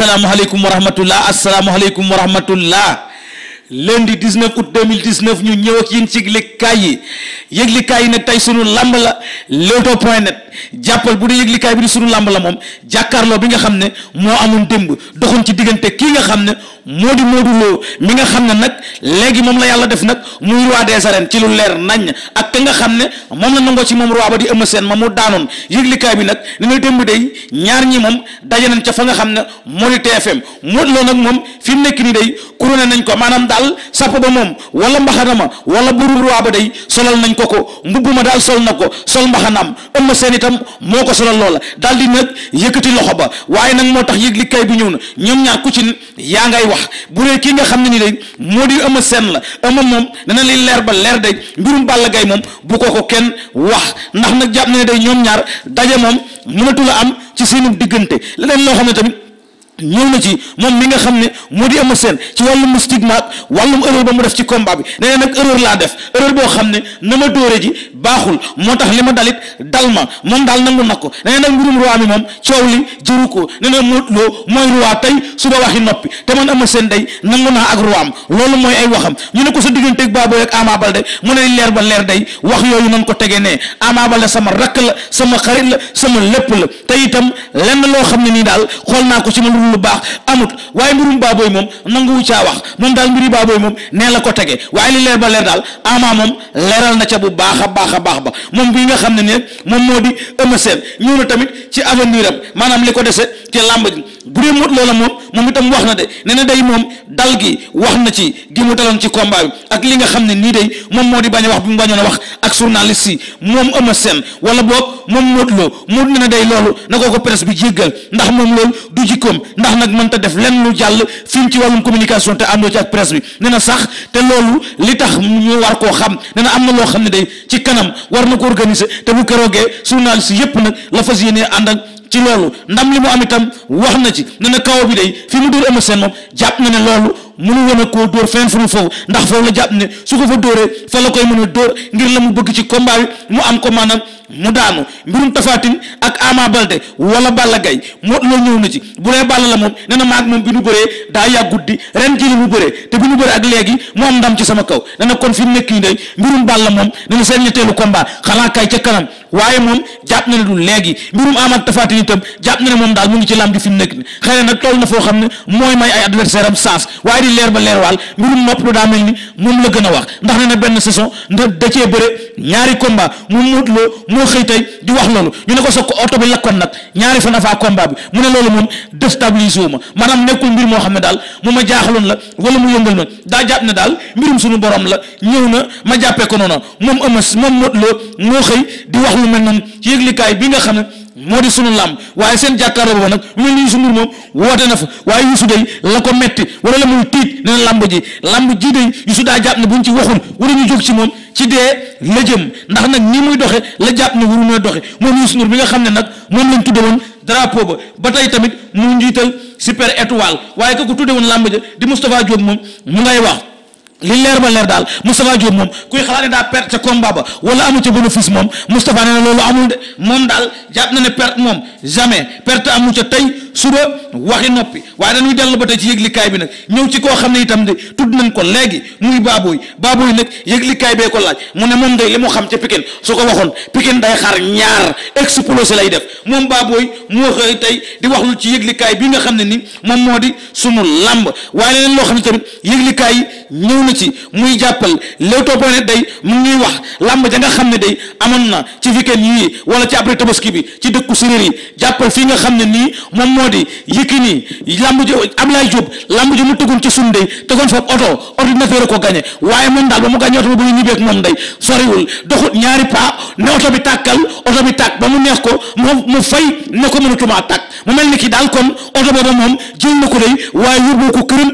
asalaamualeykum wa rahmatullah asalaamualeykum wa rahmatullah lundi 19 août 2019 ñu ñëw ak yéen ci yëglikaay yi yëglikaay yi nag tey sunu lamb la leewtoo point net jàppal bu dee yëglikaay bi di sunu lamb la moom jàkkaarloo bi nga xam ne moo amoon démb doxoon ci diggante kii nga xam ne moo di Modou Lo mi nga xam ne nag léegi moom la yàlla def nag muy roi des arènes ci lu leer nañ ak ka nga xam ne moom la nangoo ci moom roi ba di Eumeu Sène ma mu daanoon yëglikaay bi nag ni nga démb day ñaar ñi moom daje nañ ca fa nga xam ne moo di TFM Modou Lo nag moom fi mu nekk nii day couronné nañ ko maanaam daal sapp ba moom wala mbaxana ma wala buru roi ba day solal nañ ko ko mbubb ma daal sol na ko sol mbaxanaam Eumeu Sène itam moo ko solal loola daal di nag yëkkati loxo ba waaye nag moo tax yëglikaay bi ñëw na ñoom ñaar ku ci yaa ngay wax wax bu dee kii nga xam ne ni day moo di Eumeu seen la Eumeu moom dana li leer ba leer day mbirum Balla Gaye moom bu ko ko kenn wax ndax nag jàpp na ne day ñoom ñaar daje moom mënatu la am ci seenu diggante leneen loo xam ne tamit ñëw na ci moom mi nga xam ne moo di Eumeu Sène ci wàllum mystique maag wàllum erreur ba mu def ci combat bi nee na nag erreur laa def erreur boo xam ne na ma dóore ji baaxul moo tax li ma dalit dal ma moom daal nangu na ko nee na nag mbirum roi mi moom coow ko nee na Modou Lo mooy roi tey suba waxi noppi te man Eumeu Sène day nangu naa ak roi am loolu mooy ay waxam mu ne ko sa digganteeg Baboye ak Ama Baldé mu ne leer ba leer day wax yooyu nan ko tege nee Ama Baldé sama rakk la sama xarit la sama lépp la te itam lenn loo xam ne nii daal xool naa ko ci man bu baax amut waaye mbirum baabooy moom nanguwu caa wax moom daal mbiri baabooy moom nee la ko tege waaye li leer ba leer daal ama moom leeral na ca bu baax a baax baax ba moom bi nga xam ne ne moom moo di Eumeu Sène ñëw na tamit ci avenir am maanaam li ko dese ci làmb ji bu dee mot loola moom moom itam wax na de nee na day moom dal gi wax na ci gi mu daloon ci combat ak li nga xam ne nii day moom moo di bañ wax bi mu bañoon a wax ak journaliste si moom Eumeu Sène wala boog moom mot loo mot na ne day loolu na koo ko presse bi jéggal ndax moom loolu du jikkoom ndax nag mënta def lenn lu jàll fim ci wàllum communication te àndoo ci ak presse bi nee na sax te loolu li tax mu war koo xam nee am na loo xam ne day ci kanam war na ko organiser te bu keroogee si yépp nag la fas yéenee ànd ak ci loolu ndam li mu am itam wax na ci nee na kaw bi day fi mu dóor Eumeu Sène moom jàpp na ne loolu mënu woon a koo dóor fenn fu foofu ndax foofu la jàpp ne su ko fa dóoree fa la koy mën a dóor ngir la mu bëgg ci combat bi mu am ko maanaam mu daanu mbirum tafaatin ak Ama Balde wala Balla Gaye moo loolu ñëw na ci bu dee Balla la moom nee bi nu bëree daa yàggut di ren ji li mu te bi nu bëree ak léegi mu am ndam ci sama kaw nee na kon fi mu nekk nii day mbirum Balla moom nee na seen ñetteelu combat xanaa kay ca kanam waaye moom jàpp na ne du léegi mbirum Ama ak tafaatin itam jàpp na ne moom daal mu ngi ci lam di fi mu nekk nii xëy na nag toll na foo xam ne mooy may ay adversaire am sens di leer ba leer waal mbirum nopp lu daa mel ni moom la gën a wax ndax nee na benn saison nda da cee bëre ñaari combat mu muut loo moo xëy tey di wax loolu ñu ne ko soog ko oto bi lakkoon nag ñaari fan afaa combat bi mu ne loolu moom déstabilisé wu ma maanaam nekkul mbir moo xam ne daal mu ma jaaxaloon la wala mu yëngal ma daa jàpp ne daal mbirum suñu borom la ñëw na ma jàppee ko noonu moom ëmas loo moo xëy di wax lu mel noonu ci yëglikaay bi nga xam moo di sunu làmb waaye seen jàkkaarloo boobu nag mel ni Youssou Ndour moom woote na fa waaye Youssou day la ko metti wala la muy tiit nee na làmb ji làmb ji day su daa jàpp bu buñ ci waxul wala ñu jóg ci moom ci dee la jëm ndax nag nii muy doxe la jàpp ne waru noo doxe moom Youssou Ndour bi nga xam ne nag moom lañ tudde woon drapeau ba ba tey tamit mu njiital super étoile waaye ka ko tudde woon làmb ja di Moustapha Diop moom mu ngay wax li leer ba leer daal Moustapha Diop moom kuy xalaat ne daa pert ca combat ba wala amu ca bénéfice moom Moustapha nee na loolu amul de moom daal jàpp na ne perte moom jamais perte amu ca tey suba waxi noppi waaye dañuy dellu ba tey ci yëglikaay bi nag ñëw ci koo xam ne itam de tudd nañ ko léegi muy baabooy baabooy nag yëglikaay bee ko laaj mu ne moom day li mu xam ca Pikine su ko waxoon Pikine day xaar ñaar explosé lay def moom baabooy moo xëy tey di wax lu ci yëglikaay bi nga xam ne ni moom moo di sunu làmb waaye leneen loo xam ne tamit yëglikaay yi ñëw na ci muy jàppal loo Leewtoo Planète day mu ngi wax làmb ja nga xam ne day amoon na ci weekend yii wala ci après tabaski bi ci dëkku séréer yi jàppal fii nga xam ne nii moom moo di Yékini lamb ji Ablaye Diop lamb ji mu tëggoon ci suñu ndey tëggoon fa oto ordinateur ko gagné waaye moom daal ba mu gagné oto ba ba ñu ñibbeek moom ndey soriwul doxut ñaari paa ne oto bi tàkkal oto bi tàkk ba mu neex ko mu mu fay ne ko mënatumaa tàkk mu mel ni ki daal kon oto booba moom jël na ko dey waaye yóbbu ko këram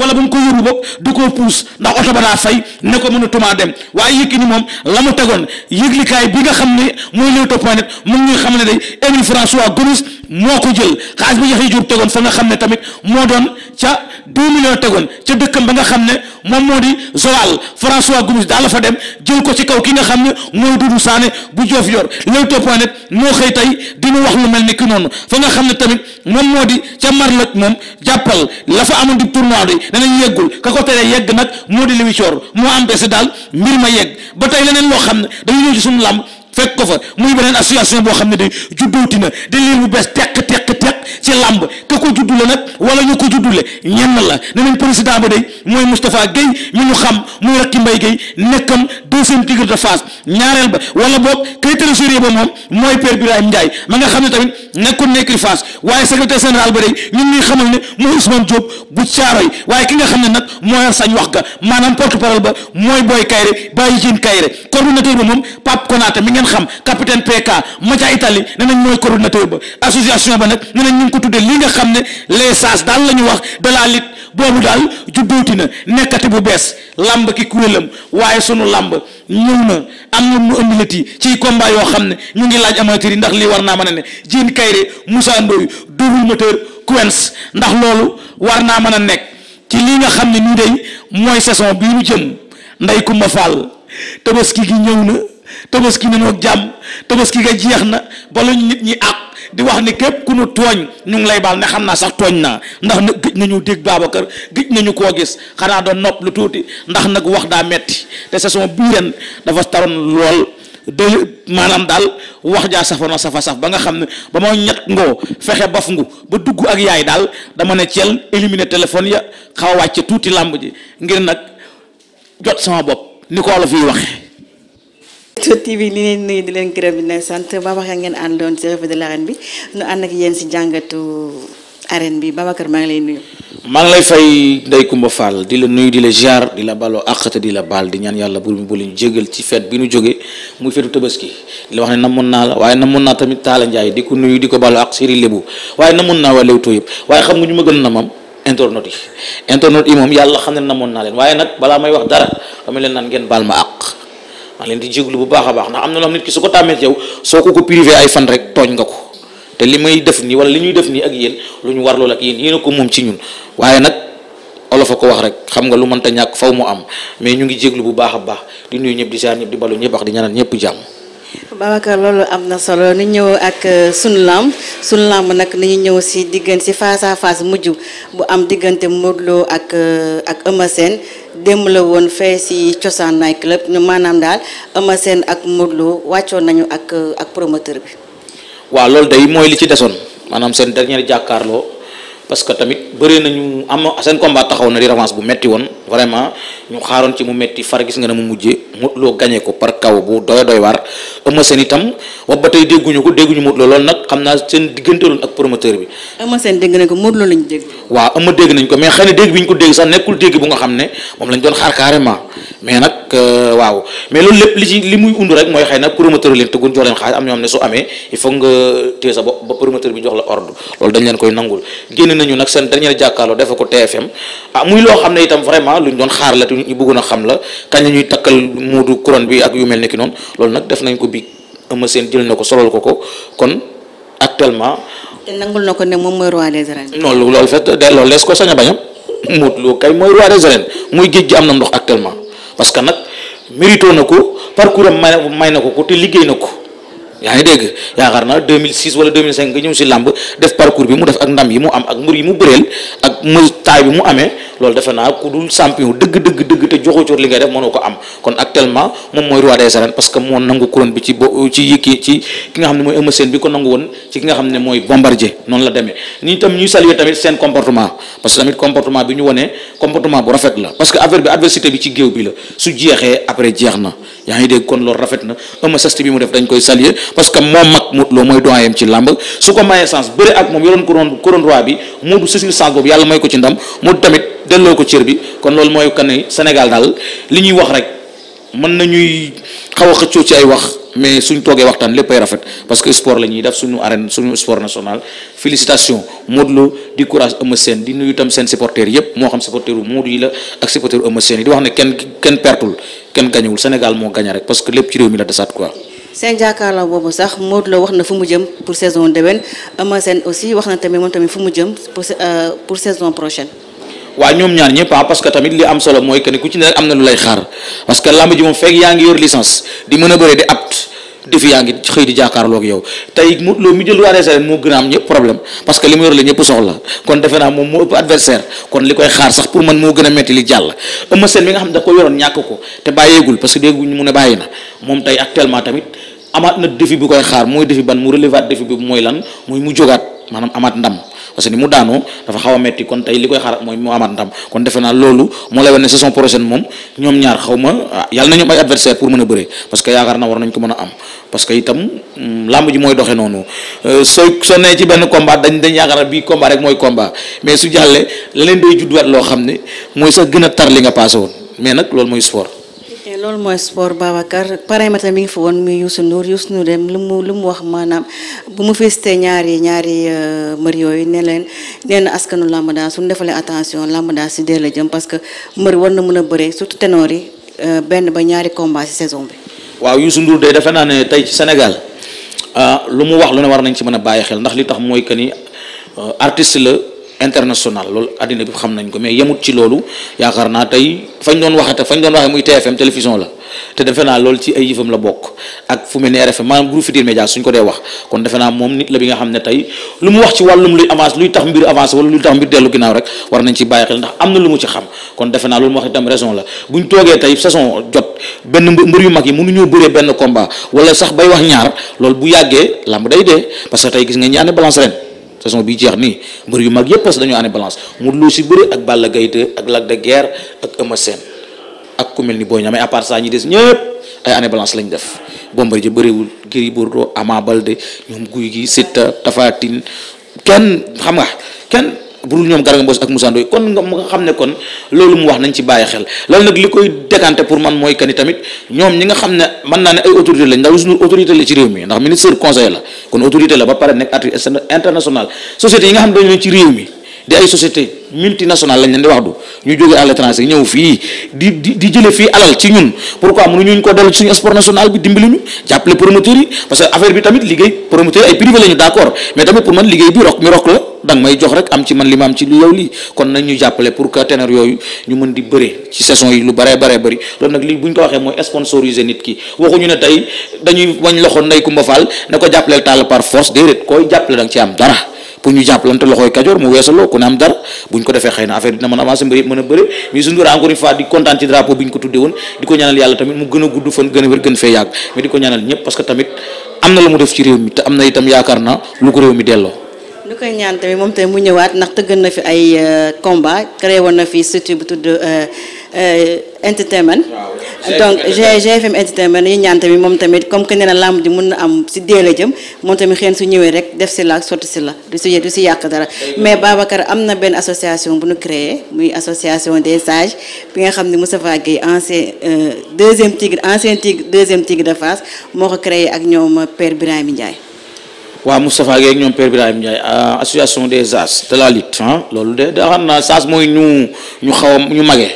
wala ba mu ko yóbbu boog da koo puus ndax oto ba daa fay ne ko a mënatumaa dem waaye ni moom la mu tegoon yëglikaay bi nga xam ne mooy Leewtoo point net mu ngi xam ne day Émile François Gomis moo ko jël xaalis bi Yaxya Jóob tegoon fa nga xam ne tamit moo doon ca deux millions tegoon ca dëkkam ba nga xam ne moom moo di Joal François Gomis daal la fa dem jël ko ci kaw ki nga xam ne mooy Doudou Sané bu Joof yor Leewtoo point net moo xëy tey dinu wax lu mel ni ki noonu fa nga xam ne tamit moom moo di ca Marloj moom jàppal la fa amoon di tournoi bi danañ yeggul ka ko teree yegg nag moo di Liwi Coor moo empêché daal mbir ma yegg ba tey leneen loo xam ne dañu ñëw ci suñu làmb fekk ko fa muy beneen association boo xam ne de juddooti na di liir bu bees teq teq teq ci làmb ka ko juddule nag wala ñu ko juddule ñenn la ne nañ président ba day mooy Moustapha Guèye mi ñu xam muy mooy Père Birahim Ndiaye ma nga xam ne tamit nekkoon nekk Fass waaye secrétaire général ba day ñun ñuy xamal ne mooy Ousmane Diop bu Caaroy waaye ki nga xam ne nag mooy sañ wax ga maanaam porte parole ba mooy Boy Kayre Baye Diène Kayre ba moom Pape Konaté mi ngeen xam capitaine PK Madia Italie ne nañ mooy coordinateur ba association ba nag ne nañ ñu ngi ko tuddee li nga xam ne les sages daal la ñu wax de la lutte boobu daal juddooti na nekkati bu bees làmb ki kuréelam waaye sunu làmb ñëw na am na mu ëndilati ci combat yoo xam ne ñu ngi laaj amateur yi ndax lii war naa mën a ne Diène Kairé Moussa Ndoye double moteur Quench ndax loolu war naa mën a nekk ci lii nga xam ne nii day mooy saison bii ñu jëm nday Kumba Fall tabaski gi ñëw na tabaski nañoo jàmm tabaski ga jeex na bala ñu nit ñi àq di wax ni képp ku nu tooñ ñu ngi lay baal ne xam naa sax tooñ naa ndax nag gëj nañu dégg Babacar gëj nañu koo gis xanaa doon nopp lu tuuti ndax nag wax daa metti te saison bii ren dafa taroon lool de maanaam daal wax jaa safoon na safa saf ba nga xam ne ba ma ñett ngoo fexe baf ngu ba dugg ak yaay daal dama ne ceel éliminer téléphone ya xaw a wàcce tuuti làmb ji ngir nag jot sama bopp ni ko la SENT TV ni leen nuyu di leen gërëm di leen sant Babacar ngeen àndoon ci revue de l'arène bi nu ànd ak yéen si jàngatu arène bi Babacar maa ngi lay nuyu. maa ngi lay fay Ndeye Kumba Fall di la nuyu di la ziar di la baaloo àq te di la baal di ñaan yàlla bu bu leen jégal ci fête bi nu jógee muy feetu tabaski di la wax ne namoon naa la waaye namoon naa tamit Talla Ndiaye di ko nuyu di ko baaloo àq Serigne Lébu waaye namoon naa waa Leewtoo yëpp waaye xam nga ñu ma gën a mam internautes yi internautes yi moom yàlla xam ne namoon naa leen waaye nag balaa may wax dara dama leen naan ngeen baal ma àq maa leen di jéglu bu baax a baax ndax am na loo xam nit ki su ko tàmmee yow soo ko ko privé ay fan rek tooñ nga ko te li may def nii wala li ñuy def nii ak yéen lu ñu war lool ak yéen ko moom ci ñun waaye nag olof a ko wax rek xam nga lu mënta ñàkk faw mu am mais ñu ngi jéglu bu baax a baax di nuyu ñëpp di siyaar ñëpp di balu ñëpp wax di ñaanal ñëpp jàmm. Babacar loolu am na solo ni ñëw ak euh, sunu lamb sunu lamb nag ni ñu ñëw si diggante si face à face mujj bu am diggante Modou Lo ak euh, ak Eumeu Sène démb la woon fee si cosaan naay club ñu maanaam daal Eumeu ak Modou wàccoon nañu ak ak promoteur bi. waaw loolu day mooy li ci desoon maanaam seen dernier jàkkaarloo parce que tamit bëree ñu am seen combat taxaw na di revanche bu metti woon vraiment ñu xaaroon ci mu metti far gis nga ne mu mujjee Modou Lo ko par kaw bu doy doy waar Eumeu itam. boobu ba tey dégguñu ko dégguñu Modou Lo loolu nag xam naa seen diggante loolu ak promoteur bi. Eumeu Sène dégg nañ ko Modou Lo dégg. waaw Eumeu dégg nañ ko mais xëy na dégg bi ñu ko dégg sax nekkul dégg bu nga xam ne moom lañ doon xaar carrément mais nag euh, waaw mais loolu lépp li ci li muy undu rek mooy xëy na promoteur leen tëggun jox leen xaalis am ñoo xam ne su amee il faut nga téye sa bopp ba la leen koy nangul génn nañu nag seen dernier jàkkaarloo defe ko TFM ah muy loo xam ne itam vraiment luñ doon xaar la te ñu bëggoon a xam la kañ la takkal muudu couronne bi ak yu mel ne ki noonu loolu nag def nañ ko bi Eumeu Sène jël na ko solol ko ko kon actuellement. te nangul na ko ne moom mooy roi des arènes. non loolu loolu lees ko sañ a bañam kay mooy roi des arènes muy géej gi am na ndox actuellement parce que nag mérito na ko parcours may na ko ko te liggéey na ko yaa ngi dégg yaakaar naa 2006 wala nga ñëw si làmb def parcours bi mu def ak ndam yi mu am ak mbër yi mu bëreel. ak muy bi mu amee loolu defe naa ku dul champion dëgg dëgg te joxoo coor li ngay def mënoo ko am kon actuellement moom mooy roi des arènes parce que moo nangu loolu mooy doyen ci làmb su ko mayee sens bëre ak moom yoroon couronne couronne roi bi Modou saisir sens boobu yàlla may ko ci ndam mu tamit delloo ko cër bi kon loolu mooy kan ne Sénégal daal li ñuy wax rek mën nañuy xaw a xëccoo ci ay wax mais suñ toogee waxtaan léppay rafet parce que sport la ñuy def suñu arène suñu sport national félicitation Modou Lo di courage Eumeu Sène di tam seen supporters yépp moo xam supporter u Modou yi la ak supporter u Eumeu yi di wax ne kenn pertul kenn gañewul Sénégal moo gaña rek parce que lépp ci réew mi la desaat quoi seen jàkkaarloo boobu sax Modou la wax na fu mu jëm pour saison déwén Eumeu Sène aussi wax na tamit moom tamit fu mu jëm pour euh, pour saison prochaine. waaw ñoom ñaar ñëpp ah parce que tamit li am solo mooy que ni ku ci ne rek am na lu lay xaar parce que lamb ji moom fekk yaa ngi yor licence di mën a bëre di apt defi yaa ngi xëy di jàkkaarloog yow tey mu Lo mi jël roi des arènes moo gën a am ñëpp problème parce que li mu yor la ñëpp soxla kon defe naa moom moo ëpp adversaire kon li koy xaar sax pour man moo gën a metti li jàll Eumeu Sène mi nga xam ne da ko yoroon ñàkk ko te bàyyeegul parce que dégguñu mu ne bàyyi na moom tey actuellement tamit amaat na défi bu koy xaar mooy défi ban mu relever défi bi mooy lan mooy mu jógaat maanaam amaat ndam parce que ni mu daanoo dafa xaw metti kon tey li koy xaar mooy mu amaat ndam kon defe naa loolu moo lay wane ne saison prochaine moom ñoom ñaar xaw ma ah, na ñoom ay adversaire pour mën a bëre parce que yaakaar naa war nañ ko mën a am parce que itam mm, làmb ji mooy doxe noonu euh, soo soo nee ci benn combat dañ dañ yaakaar bii combat rek mooy combat mais su jàllee la leen day juddwaat loo xam ne mooy sax gën a tar li nga passé woon mais nag loolu mooy sport loolu mooy sport Babacar pare ma tamit mi ngi fa woon muy Youssou Ndour Youssou Ndour dem lu mu lu mu wax maanaam bu mu félicité ñaari ñaari euh, mbër yooyu ne leen nee askanu làmb daal suñu defalee attention làmb daal si dee la jëm parce que mbër war na mën a bëree surtout ténor yi euh, benn ba ñaari combat si saison bi. waaw Youssou Ndour de defe naa ne tey ci Sénégal euh, lu mu wax lu ne war nañ ci mën a bàyyi xel ndax li tax mooy que ni artiste la. international loolu àddina bi xam nañ ko mais yemut ci loolu yaakaar naa tey fañ doon waxate fañ doon waxee muy TFM télévision la te defe naa loolu ci ay yëfam la bokk ak fu mel ne RFM maanaam groupe suñ ko dee wax kon defe naa moom nit la bi nga xam ne tey lu mu tax mbir avance wala luy tax mbir dellu ginnaaw rek war nañ ci bàyyi xel ndax am na lu mu ci xam kon defe naa loolu mu wax itam raison la buñ toogee tey saison jot benn mbër yu mag yi mënuñoo bëree benn combat wala sax bay wax ñaar loolu bu yàggee làmb day dee parce tey gis nga ñaane balance saison bi jeex nii mbër yu mag yëpp parce que dañoo ànd balance Modou Lo si bëri ak Balla Gaye 2 ak Lac de Guiers ak Eumeu Sène ak ku mel ni Boy Niang mais à part ça ñi des ñëpp ay année balance lañ def Bombardier bëriwul Gris Bordeaux Ama Baldé ñoom guy gi Siteu Tapha Tine kenn xam nga kenn. budul ñoom Garga Mbossé ak Moussa Ndoye kon nga xam ne kon loolu mu wax nañ ci bàyyi xel loolu nag li koy décanté pour man mooy kani tamit ñoom ñi nga xam ne mën naa ne ay autorité lañ ndax suñu autorité la ci réew mi ndax ministre conseil la kon autorité la ba pare nekk artiste international société yi nga xam ne dañu ci réew mi di ay société multinationale lañ leen di wax du ñu jógee à l'étranger ñëw fii di di di jële fii alal ci ñun pourquoi mënuñu ñu ko dellu suñu sport national bi dimbali jàppale promoteurs yi parce que affaire bi tamit liggéey promoteurs ay mi rok la danga may jox rek am ci man li ma am ci lu yow lii kon nañ ñu jàppale pour que ténor yooyu ñu mën di bëre ci saison yi lu baree baree bëri loolu nag li bu ñu ko waxee mooy sponsoriser nit ki waxuñu ne tey dañuy wañ loxo nday Kumba ne ko jàppaleel tàll par force déedéet buñ ko defee xëy na dina mën a avancer mbir mën a bëri mais Youssou Ndour encore une fois di kontaan ci drapeau bi ñu ko tuddee woon di ko ñaanal yàlla tamit mu gën a gudd fan gën a wér gën fee yàgg mais di ko ñaanal ñëpp parce tamit am na lu mu def ci réew mi te am na itam yaakaar na lu ko réew mi delloo lu koy ñaan moom tamit mu ñëwaat ndax tëgg na fi ay euh, combat créé woon na fi surtout bu tudd euh, Euh, entertainment donc GFM entertainment yi ñaan tamit moom tamit comme que nee na làmb ji mun na am si dee jëm moom tamit xëy su ñëwee rek def si la ak sotti si la du si du si yàq dara mais Babacar am na benn association bu ñu créé muy association des sages bi nga xam ne Moustapha Gueye ancien euh, deuxième tigre ancien tigre deuxième tigre de Fass moo ko créé ak ñoom père Birame Ndiaye. waaw Moustapha Gueye ak ñoom père Birame Ndiaye euh, des sages de la loolu de da xam naa sages mooy ñu ñu xaw a ñu magee.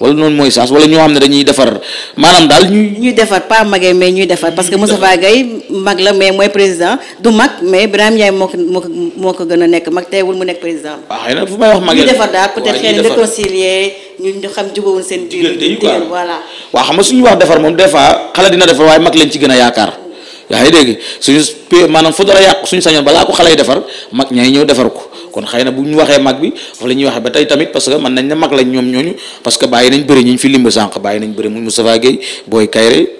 wala noonu mooy sens wala ñoo xam ne dañuy defar maanaam daal ñuy. ñuy defar pas magay mais ñuy defar parce que Moustapha Gaye mag la mais mooy président du mag mais Birame Ndiaye moo ko moo moo ko gën a nekk mag teewul mu nekk président. waaw ah, may wax magay ñuy defar daal peut être xëy na ñu xam jubawuñ seen. diggante yi quoi voilà. waaw xam nga suñu wax defar moom des fois xale dina defar waaye mag lañ ci gën a yaakaar. yaa ngi dégg suñu maanaam fu dara yàqu suñu sañoon balaa ko xale yi defar mag ñay ñëw defar ko. kon xëy na bu ñu waxee mag bi foofu la ñuy waxee ba tey tamit parce que mën nañ ne mag lañ ñoom ñooñu parce que bàyyi nañ bëri ñu fi limba sànq bàyyi nañ bëri mu Moustapha Guèye Boy Kayre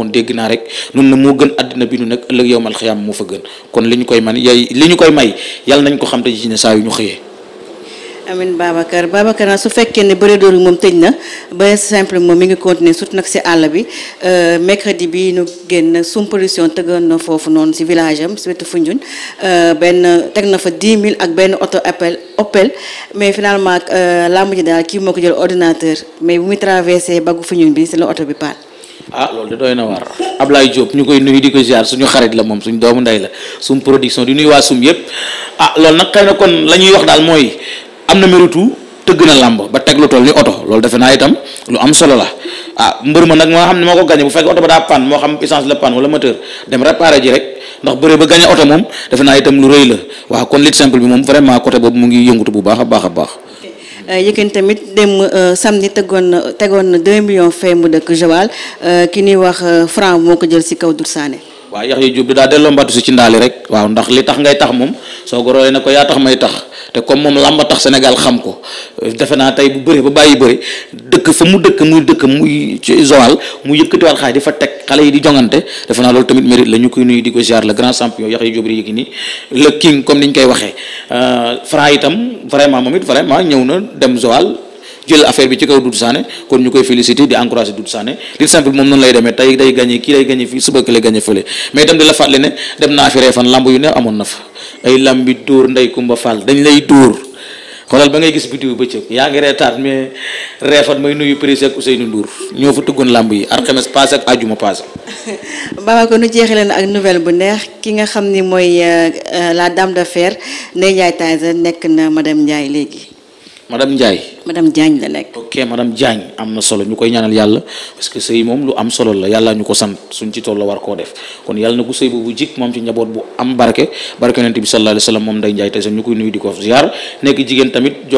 waxoon dégg naa rek nun na moo gën àddina bi nu nag ëllëg yowmal xiyaam moo fa gën kon li ñu koy man li ñu koy may yàlla nañ ko xam te ci ne saa yu ñu xëyee amin Babacar Babacar su fekkee ne bëre dóor bi moom tëj na ba simple moom mi ngi continuer surtout nag si àll bi euh, mercredi bi nu génn sum pollution tëggoon na foofu noonu si village am si wetu Foundiougne euh, benn teg na fa 10 000 ak benn auto appel Opel mais finalement euh, làmb ji daal kii moo ko jël ordinateur mais bu oto bi paat ah loolu de doy na waar Ablaye Diop ñu koy nuyu di ko ziar suñu xarit la moom suñu doomu ndey la sum production di nuyu waa sum yëpp ah loolu nag xëy na kon la ñuy wax daal mooy am na méritu tëgg na làmb ba teg lu toll ni oto loolu defe naa itam lu am solo la ah mbër ma nag moo xam ne moo ko gagné bu fekk oto ba daa panne moo xam essence la panne wala moteur dem réparé ji rek ndax bëre ba gagné oto moom defe naa itam lu rëy la waa kon lit simple bi moom vraiment côté boobu mu ngi yëngutu bu baax a baax a baax Euh, Yékini tamit dem euh, samedi tegoon na tegoon na 2 millions fee mu dëkk Joal euh, ki ñuy wax franc moo ko jël si kaw Doudou Sané. waaw yax yi jub bi daa delloo mbatu si ci ndaali rek waaw ndax li tax ngay tax moom soo goroolee na ko yaa tax may tax. te comme moom làmba tax Sénégal xam ko defe naa tey bu bëri ba bàyyi bëri dëkk fa mu dëkk muy dëkk muy ci Joal mu yëkkatiwaat xaaj di fa teg xale yi di jongante defe naa loolu tamit mérite la ñu koy nuyu di ko ziar le grand champion Yaxya Jóob Yékini le king comme ni ñu koy waxee euh, Franc itam vraiment moom it vraiment ñëw na dem Joal jël affaire bi ci kaw Doudou Sané kon ñu koy féliciter di encourager Doudou Sané li simple moom noonu lay demee tey day gagné kii day gagné fii suba ki lay gagné fële mais itam di la fàttali ne dem naa fi reefan lamb yu ne amoon na fa ba ngay gis biddiw bëccëg yaa ngi reetaat mais reefan may nuyu prési ak ñoo fa tuggoon lamb yi alxames passé ak ajuma passé baba ko nu jeexale na ak nouvelle bu neex ki nga xam ni mooy euh, euh, la dame de fer Ndeye Ndiaye Tyson nekk na ma madame Ndiaye léegi madame Ndiaye. madame Diagne la nekk. ok madame Diagne am na solo ñu koy ñaanal yàlla parce que sëy moom lu am solo la yàlla ñu ko sant suñ ci toll la war koo def kon yàlla na ko sëy boobu jik moom ci njaboot bu am barke barke yonent bi moom Ndeye Ndiaye tey sax ñu koy nuyu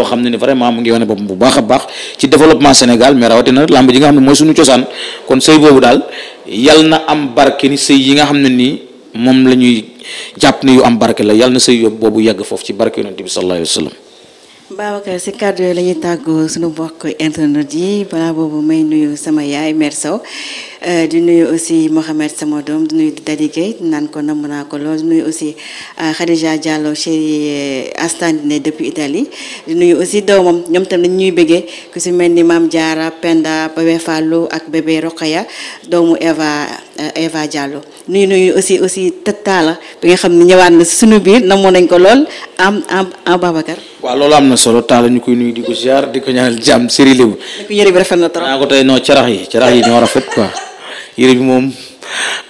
xam ne ni vraiment mu ngi wane boppam bu baax a baax ci développement Sénégal rawatina làmb ji nga xam ne mooy daal yàlla na am barke ni sëy yi nga xam ne nii moom la ñuy jàpp ne yu am barke la yàlla na sëy boobu yàgg foofu ci barke yonent bi sallallahu alayhi wa Babacar si kàddu yooyu la ñuy tàggu suñu mbokk internet yi balaa boobu may nuyu sama yaay Mère Sow Euh, di nuyu aussi Mohamed sama doom di nuyu Dadi Gueye naan ko namm naa ko lool di nuyu aussi euh, Khadija Diallo chéri euh, Astandine depuis Italie di nuyu aussi doomam ñoom tam dañ ñuy bëggee ku si mel ni Mame Diarra Penda Bébé Fallou ak bébé Rokhaya doomu Eva Eva Diallo nuyu nuyu aussi aussi tëttaala bi nga xam ne ñëwaat na suñu biir namoon nañ ko lool am am am Babacar. waaw loolu am na solo taala ñu koy nuyu di ko ziar di ko ñaanal jàmm sëriñ Lébu. bi rafet na trop. naa ko tey non carax yi carax yi ñoo rafet quoi. yére bi moom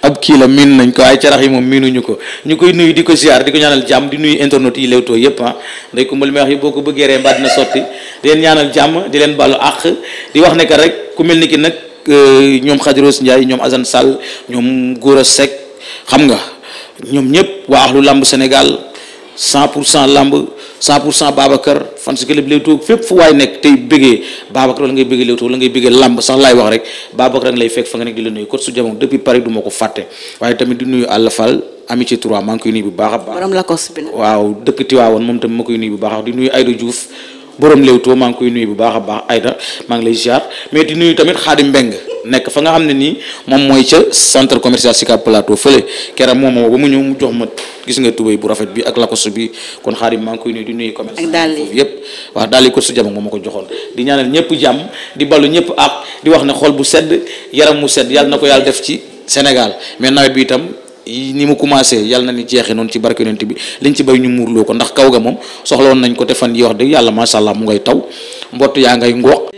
ab kii la miin nañ ko ay carax yi moom miinuñu ko ñu koy nuyu di ko ziar di ko ñaanal jàmm di nuyu internet yi Leewtoo yépp ah day ko ma li may wax yi boo ko bëggee ree mbaa dina sotti di leen ñaanal jàmm di leen bàllu àq di wax ne que rek ku mel ni ki nag euh, ñoom Khadiros Ndiaye ñoom Assane Sall ñoom góor a Seck xam nga ñoom ñëpp waa axlu làmb Sénégal 100 pour cent làmb 100 pour cent Babacar fan si club Leewtoo fépp fu waay nekk tey bëggee Babacar wala ngay bëggee Leewtoo wala ngay bëggee làmb sax lay wax rek Babacar nga lay fekk fa nga nekk di la nuyu kot su jamono depuis Paris du ma ko fàtte waaye tamit di nuyu Alla Fall amitié 3 maa ngi koy nuyu bu baax a baax. borom Lacoste bi waaw dëkk Tiwaawoon moom tamit ma koy nuyu bu baax di nuyu Aïda Diouf borom Leewtoo maa ngi koy bu baax a baax Aïda maa ngi lay ziar mais di nuyu tamit Xaadim Mbeng nekk fa nga xam ne nii moom mooy ca centre commercial Sicap Plateau fële keroog moom moo ba mu ñëw mu jox ma gis nga tubéy bu rafet bi ak lakosu bi kon xaarim maa ngi koy nuyu di nuyu commerce foofu ko su jama moo ma ko joxoon di ñaanal ñëpp di ballu ñëpp ak di wax ne xol bu sedd yaram mu sedd yàlla na ko yàlla def ci Sénégal mais nawet bi itam ni mu commencé yàlla na ni jeexee noonu ci barke yonent bi liñ ci béy ñu muurloo ko ndax kaw ga moom soxla nañ ko te yi wax dëgg yàlla macha allah mu ngay taw mbott yaa ngay ngooq